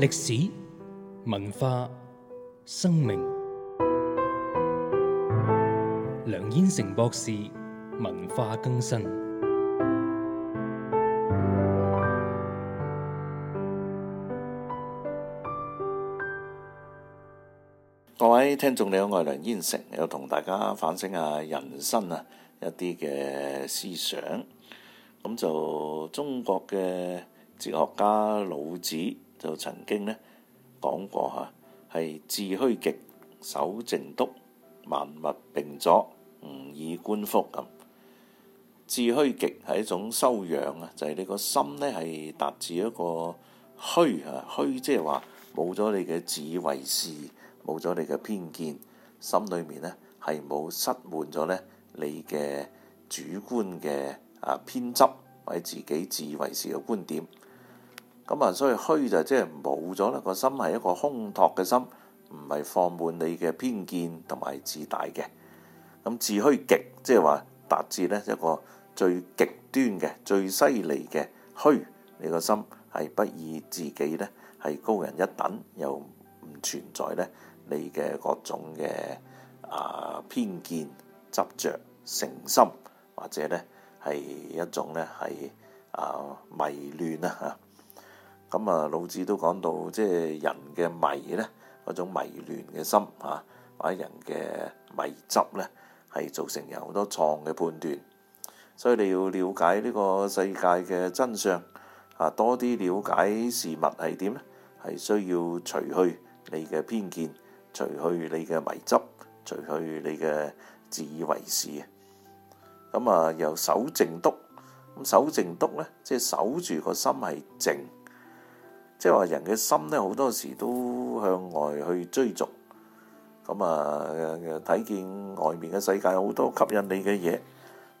歷史、文化、生命，梁燕城博士文化更新。各位聽眾，你好，我係梁燕城，又同大家反省下人生啊一啲嘅思想。咁就中國嘅哲學家老子。就曾經咧講過嚇、啊，係致虛極，守靜篤，萬物並作，吾以觀復咁。致虛極係一種修養啊，就係、是、你個心咧係達至一個虛啊，虛即係話冇咗你嘅自以為是，冇咗你嘅偏見，心裏面咧係冇塞滿咗咧你嘅主觀嘅啊偏執或者自己自以為是嘅觀點。咁啊，所以虛就即係冇咗啦。個心係一個空托嘅心，唔係放滿你嘅偏見同埋自大嘅。咁自虛極，即係話達至呢一個最極端嘅、最犀利嘅虛。你個心係不以自己呢，係高人一等，又唔存在呢你嘅各種嘅啊偏見、執着、成心，或者呢係一種呢，係啊迷亂啊嚇。咁啊，老子都講到，即係人嘅迷咧嗰種迷亂嘅心啊，或者人嘅迷執咧，係造成有好多錯嘅判斷。所以你要了解呢個世界嘅真相啊，多啲了解事物係點咧，係需要除去你嘅偏見，除去你嘅迷執，除去你嘅自以為是啊。咁啊，由守靜篤，咁守靜篤咧，即係守住個心係靜。即係話人嘅心咧，好多時都向外去追逐，咁啊睇見外面嘅世界好多吸引你嘅嘢，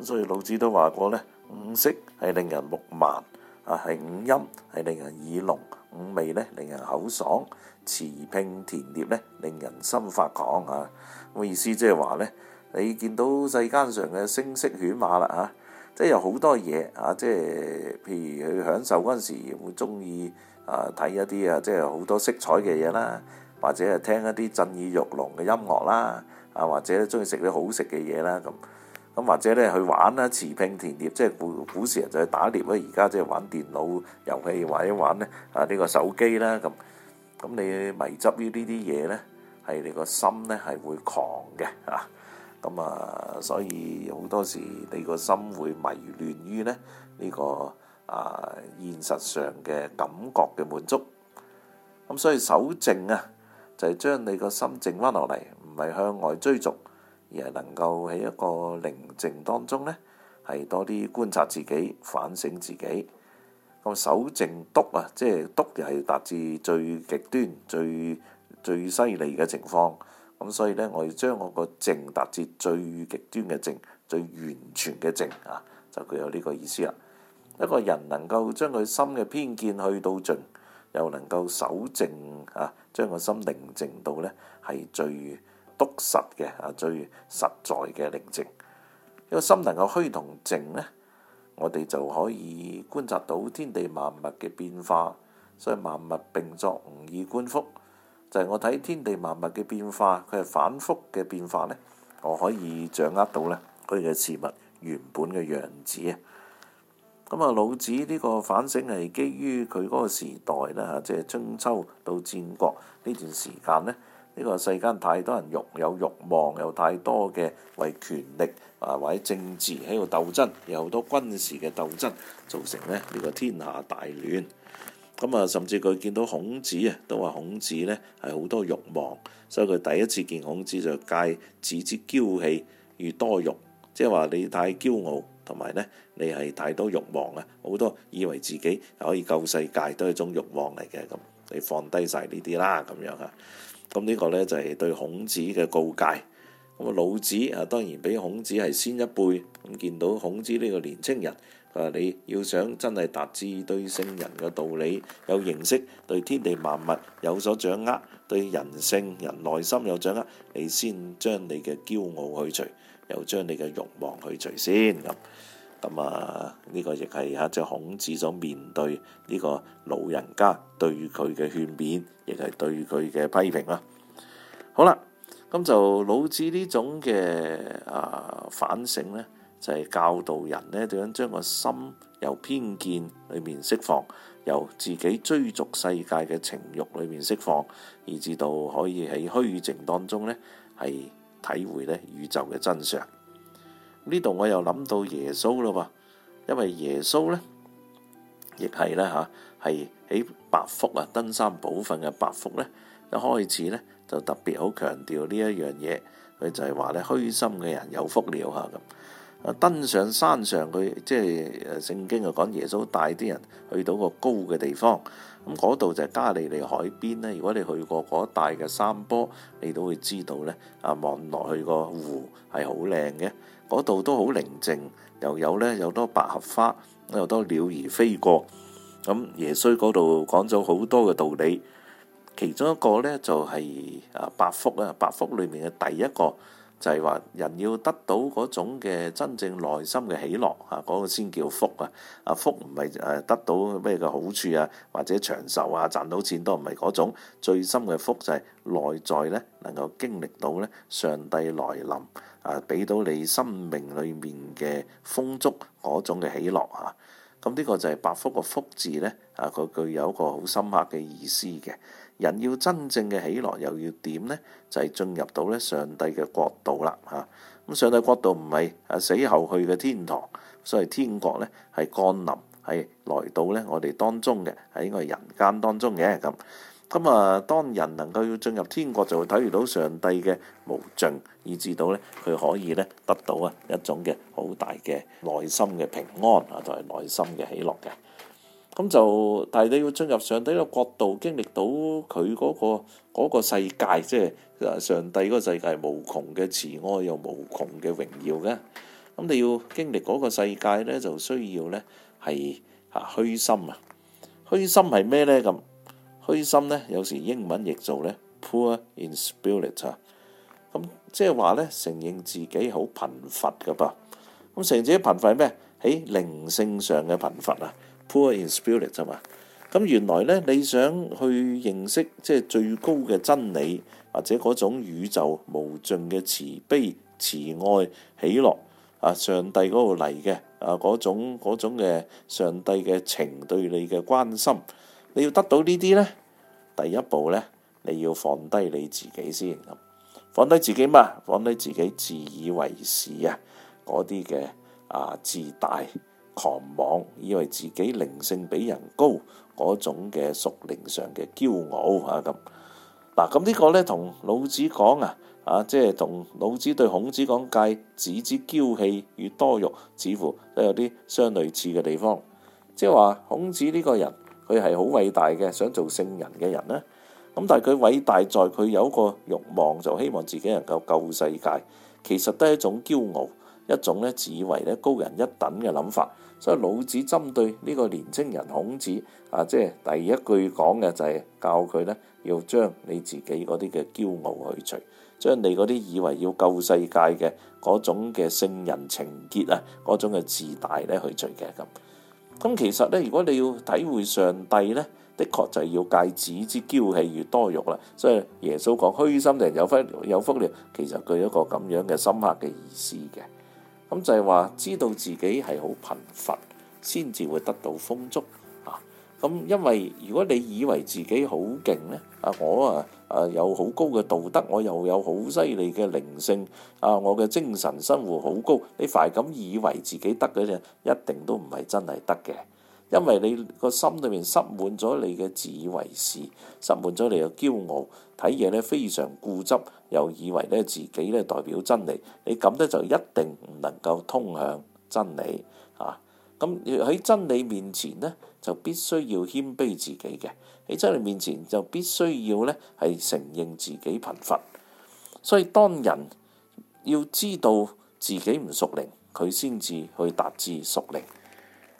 咁所以老子都話過咧，五色係令人目盲，啊係五音係令人耳聾，五味咧令人口爽，馳騁田獵咧令人心發狂啊！咁意思即係話咧，你見到世間上嘅聲色犬馬啦啊！即係有好多嘢嚇，即係譬如去享受嗰陣時，會中意啊睇一啲啊，即係好多色彩嘅嘢啦，或者係聽一啲震耳欲聾嘅音樂啦，啊或者中意食啲好食嘅嘢啦咁，咁或者咧去玩啦，馳騁田獵，即係古古時人就去打獵啦，而家即係玩電腦遊戲或者玩咧，啊呢個手機啦咁，咁你迷執於呢啲嘢咧，係你個心咧係會狂嘅嚇。咁啊，所以好多時你個心會迷亂於呢呢、呢個啊現實上嘅感覺嘅滿足。咁所以守靜啊，就係、是、將你個心靜翻落嚟，唔係向外追逐，而係能夠喺一個寧靜當中呢，係多啲觀察自己、反省自己。咁守靜篤啊，即係篤又係達至最極端、最最犀利嘅情況。咁所以咧，我要將我個靜達至最極端嘅靜，最完全嘅靜啊，就具有呢個意思啦。一個人能夠將佢心嘅偏見去到盡，又能夠守靜啊，將個心寧靜到呢係最篤實嘅啊，最實在嘅寧靜。一個心能夠虛同靜呢，我哋就可以觀察到天地萬物嘅變化，所以萬物並作，吾以觀復。就係我睇天地萬物嘅變化，佢係反覆嘅變化，呢我可以掌握到呢，佢嘅事物原本嘅樣子啊！咁啊，老子呢個反省係基於佢嗰個時代啦，即係春秋到戰國呢段時間呢，呢個世間太多人慾，有慾望，有太多嘅為權力啊或者政治喺度鬥爭，有好多軍事嘅鬥爭造成呢，呢個天下大亂。咁啊，甚至佢見到孔子啊，都話孔子呢係好多欲望，所以佢第一次見孔子就是、戒子之驕氣與多欲，即係話你太驕傲，同埋呢你係太多欲望啊，好多以為自己可以救世界都係一種欲望嚟嘅，咁，你放低晒呢啲啦咁樣啊，咁、這、呢個呢，就係對孔子嘅告誡。咁啊，老子啊當然比孔子係先一輩，見到孔子呢個年青人。你要想真係達至對聖人嘅道理，有認識，對天地萬物有所掌握，對人性、人內心有掌握，你先將你嘅驕傲去除，又將你嘅欲望去除先咁。咁、嗯、啊、呢、嗯，這個亦係即係孔子所面對呢個老人家對佢嘅勸勉，亦係對佢嘅批評呀。好啦，咁就老子呢種嘅啊、呃、反省呢，就係教導人呢，點樣將個心由偏見裏面釋放，由自己追逐世界嘅情慾裏面釋放，以至到可以喺虛靜當中呢，係體會呢宇宙嘅真相。呢度我又諗到耶穌嘞喎，因為耶穌呢，亦係咧吓，係、啊、喺八福啊登山寶訓嘅八福呢，一開始呢，就特別好強調呢一樣嘢，佢就係話咧，虛心嘅人有福了嚇咁。啊！登上山上佢即係誒聖經啊講耶穌帶啲人去到個高嘅地方，咁嗰度就係加利利海邊咧。如果你去過嗰帶嘅山坡，你都會知道咧。啊，望落去個湖係好靚嘅，嗰度都好寧靜，又有咧有多百合花，又多鳥兒飛過。咁耶穌嗰度講咗好多嘅道理，其中一個咧就係啊八福啊，八福裏面嘅第一個。就係話人要得到嗰種嘅真正內心嘅喜樂啊，嗰、嗰個先叫福啊！啊福唔係誒得到咩嘅好處啊，或者長壽啊，賺到錢都唔係嗰種。最深嘅福就係、係、內在咧能夠經歷到咧上帝來臨啊，俾到你生命裏面嘅豐足嗰種嘅喜樂啊！咁呢個就係百福個福字咧啊，佢具有一個好深刻嘅意思嘅。人要真正嘅喜樂，又要點呢？就係、是、進入到咧上帝嘅國度啦，嚇！咁上帝國度唔係啊死後去嘅天堂，所以天國呢係降臨，係來到呢我哋當中嘅，喺我哋人間當中嘅咁。咁啊，當人能夠要進入天國，就會體驗到上帝嘅無盡，以至到呢，佢可以呢得到啊一種嘅好大嘅內心嘅平安啊，就係、是、內心嘅喜樂嘅。咁就，但係你要進入上帝嘅角度，經歷到佢嗰個嗰個世界，即係上帝嗰個世界係無窮嘅慈愛，又無窮嘅榮耀嘅。咁你要經歷嗰個世界咧，就需要咧係啊虛心啊。虛心係咩咧？咁虛心咧，有時英文譯做咧 poor in spirit 啊。咁即係話咧，承認自己好貧乏噶噃。咁承認自己貧乏係咩？喺靈性上嘅貧乏啊。Poor in spirit 啫嘛，咁原來咧你想去認識即係最高嘅真理，或者嗰種宇宙無盡嘅慈悲、慈愛喜樂、喜樂啊，上帝嗰度嚟嘅啊，嗰種嗰種嘅上帝嘅情對你嘅關心，你要得到呢啲咧，第一步咧，你要放低你自己先，放低自己嘛，放低自己自以為是啊，嗰啲嘅啊自大。狂妄，以為自己靈性比人高嗰種嘅屬靈上嘅驕傲嚇咁嗱。咁、啊、呢、這個呢，同老子講啊啊，即係同老子對孔子講戒子之驕氣與多欲」，似乎都有啲相類似嘅地方。即係話孔子呢個人佢係好偉大嘅，想做聖人嘅人呢。咁、啊、但係佢偉大在佢有個慾望，就希望自己能夠救世界。其實都係一種驕傲，一種呢，自以為咧高人一等嘅諗法。所以老子針對呢個年青人孔子啊，即係第一句講嘅就係、是、教佢咧要將你自己嗰啲嘅驕傲去除，將你嗰啲以為要救世界嘅嗰種嘅聖人情結啊，嗰種嘅自大咧去除嘅咁。咁其實咧，如果你要體會上帝咧，的確就係要戒止之驕氣與多欲啦。所以耶穌講虛心的人有福有福了，其實佢有一個咁樣嘅深刻嘅意思嘅。咁就係話知道自己係好貧乏，先至會得到豐足啊！咁因為如果你以為自己好勁呢，啊，我啊，啊有好高嘅道德，我又有好犀利嘅靈性啊，我嘅精神生活好高，你快咁以為自己得嘅啫，一定都唔係真係得嘅。因為你個心裏面塞滿咗你嘅自以為是，塞滿咗你嘅驕傲，睇嘢咧非常固執，又以為咧自己咧代表真理，你咁咧就一定唔能夠通向真理啊！咁喺真理面前呢，就必須要謙卑自己嘅，喺真理面前就必須要咧係承認自己貧乏，所以當人要知道自己唔屬靈，佢先至去達至屬靈。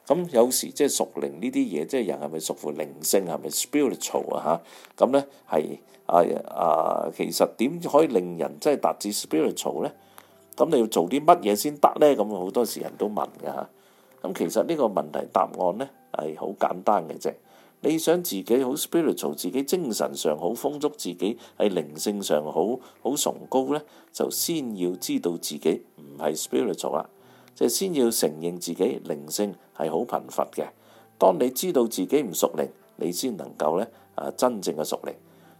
咁有時即係屬靈呢啲嘢，即係人係咪屬乎靈性係咪 spiritual 啊？嚇咁呢係啊啊！其實點可以令人即係達至 spiritual 呢？咁你要做啲乜嘢先得呢？咁好多時人都問㗎嚇。咁、啊、其實呢個問題答案呢係好簡單嘅啫。你想自己好 spiritual，自己精神上好豐足，自己喺靈性上好好崇高呢，就先要知道自己唔係 spiritual 啦。即先要承認自己靈性係好貧乏嘅。當你知道自己唔屬靈，你先能夠咧啊，真正嘅屬靈。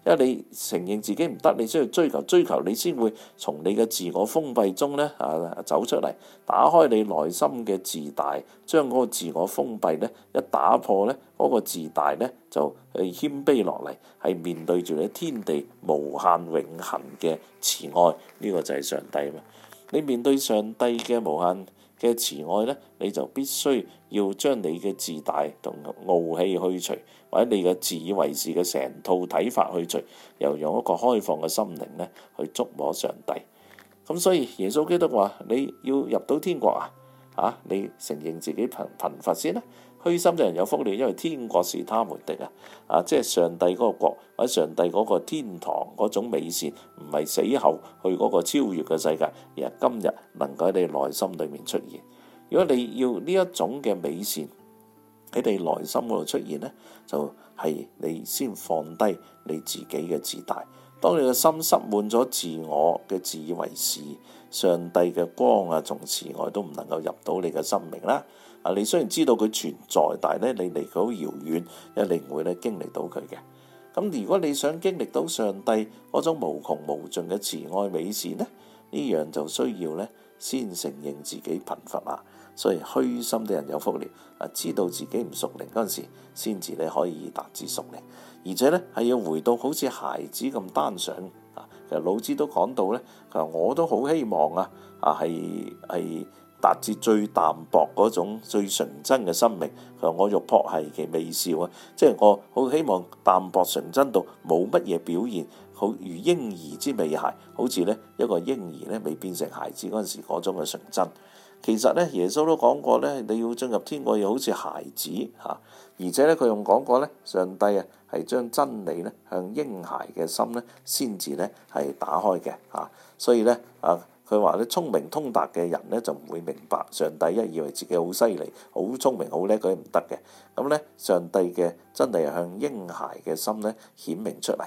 因為你承認自己唔得，你需要追求追求，你先會從你嘅自我封閉中咧啊走出嚟，打開你內心嘅自大，將嗰個自我封閉咧一打破咧嗰個自大咧就去謙卑落嚟，係面對住你天地無限永恆嘅慈愛。呢個就係上帝啊嘛。你面對上帝嘅無限。嘅慈愛咧，你就必須要將你嘅自大同傲氣去除，或者你嘅自以為是嘅成套睇法去除，又用一個開放嘅心靈咧去觸摸上帝。咁所以耶穌基督話：你要入到天國啊，啊，你承認自己貧貧乏先啦。虛心嘅人有福了，因為天國是他們的啊！啊，即係上帝嗰個國或者上帝嗰個天堂嗰種美善，唔係死後去嗰個超越嘅世界，而係今日能夠喺你內心裡面出現。如果你要呢一種嘅美善，喺你內心嗰度出現呢，就係、是、你先放低你自己嘅自大。當你嘅心塞滿咗自我嘅自以為是，上帝嘅光啊，從慈愛都唔能夠入到你嘅生命啦。啊！你雖然知道佢存在，但係咧你離佢好遙遠，一定唔會咧經歷到佢嘅。咁如果你想經歷到上帝嗰種無窮無盡嘅慈愛美善呢？呢樣就需要咧先承認自己貧乏啊！所以虛心的人有福了，啊！知道自己唔熟練嗰陣時，先至咧可以達至熟練，而且咧係要回到好似孩子咁單純啊！其實老子都講到咧，其實我都好希望啊啊係係。達至最淡薄嗰種最純真嘅生命，像我獨泊兮其未兆啊！即係我好希望淡薄純真到冇乜嘢表現，好如嬰兒之未孩，好似呢一個嬰兒呢，未變成孩子嗰陣時嗰種嘅純真。其實呢，耶穌都講過呢，你要進入天國，要好似孩子嚇，而且呢，佢仲講過呢，上帝啊係將真理呢向嬰孩嘅心呢先至呢係打開嘅嚇，所以呢。啊。佢話咧，聰明通達嘅人咧就唔會明白上帝，一以為自己好犀利、好聰明、好叻，佢唔得嘅。咁咧，上帝嘅真係向嬰孩嘅心咧顯明出嚟，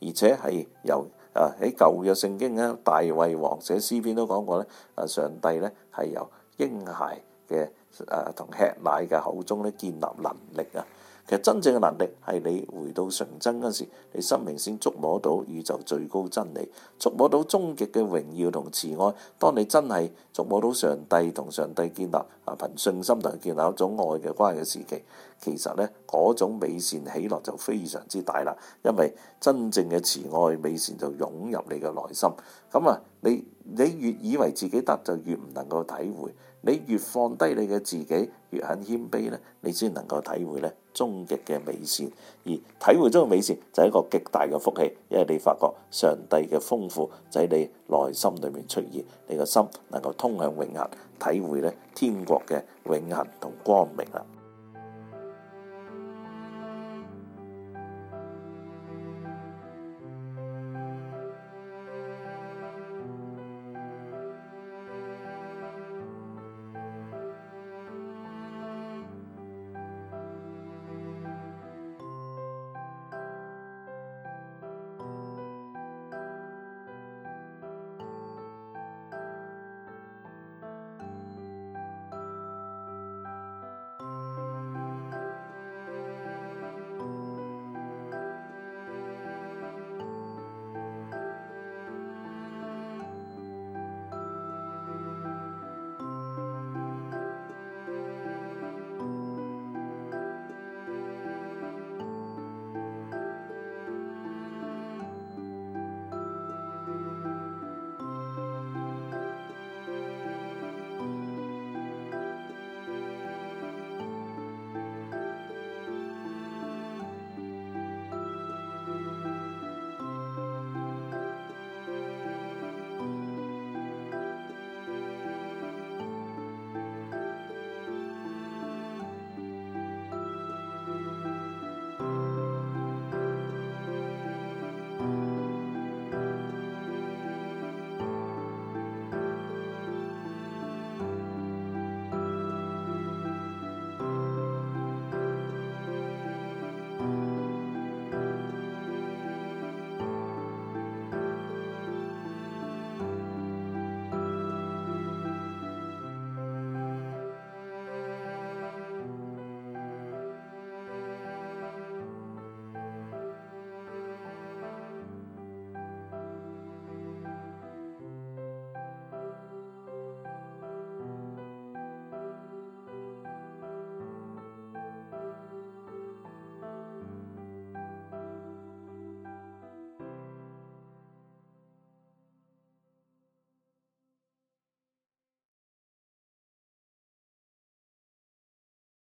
而且係由啊喺舊約聖經啊大衛王寫詩篇都講過咧，啊上帝咧係由嬰孩嘅啊同吃奶嘅口中咧建立能力啊。其實真正嘅能力係你回到純真嗰時，你生命先觸摸到宇宙最高真理，觸摸到終極嘅榮耀同慈愛。當你真係觸摸到上帝同上帝建立啊，憑信心同佢建立一種愛嘅關係嘅時期，其實呢嗰種美善喜樂就非常之大啦。因為真正嘅慈愛美善就湧入你嘅內心。咁啊，你你越以為自己得，就越唔能夠體會。你越放低你嘅自己，越肯謙卑咧，你先能夠體會呢。終極嘅美善，而體會中嘅美善就係一個極大嘅福氣，因為你發覺上帝嘅豐富就喺你內心裏面出現，你嘅心能夠通向永恆，體會咧天國嘅永恆同光明啦。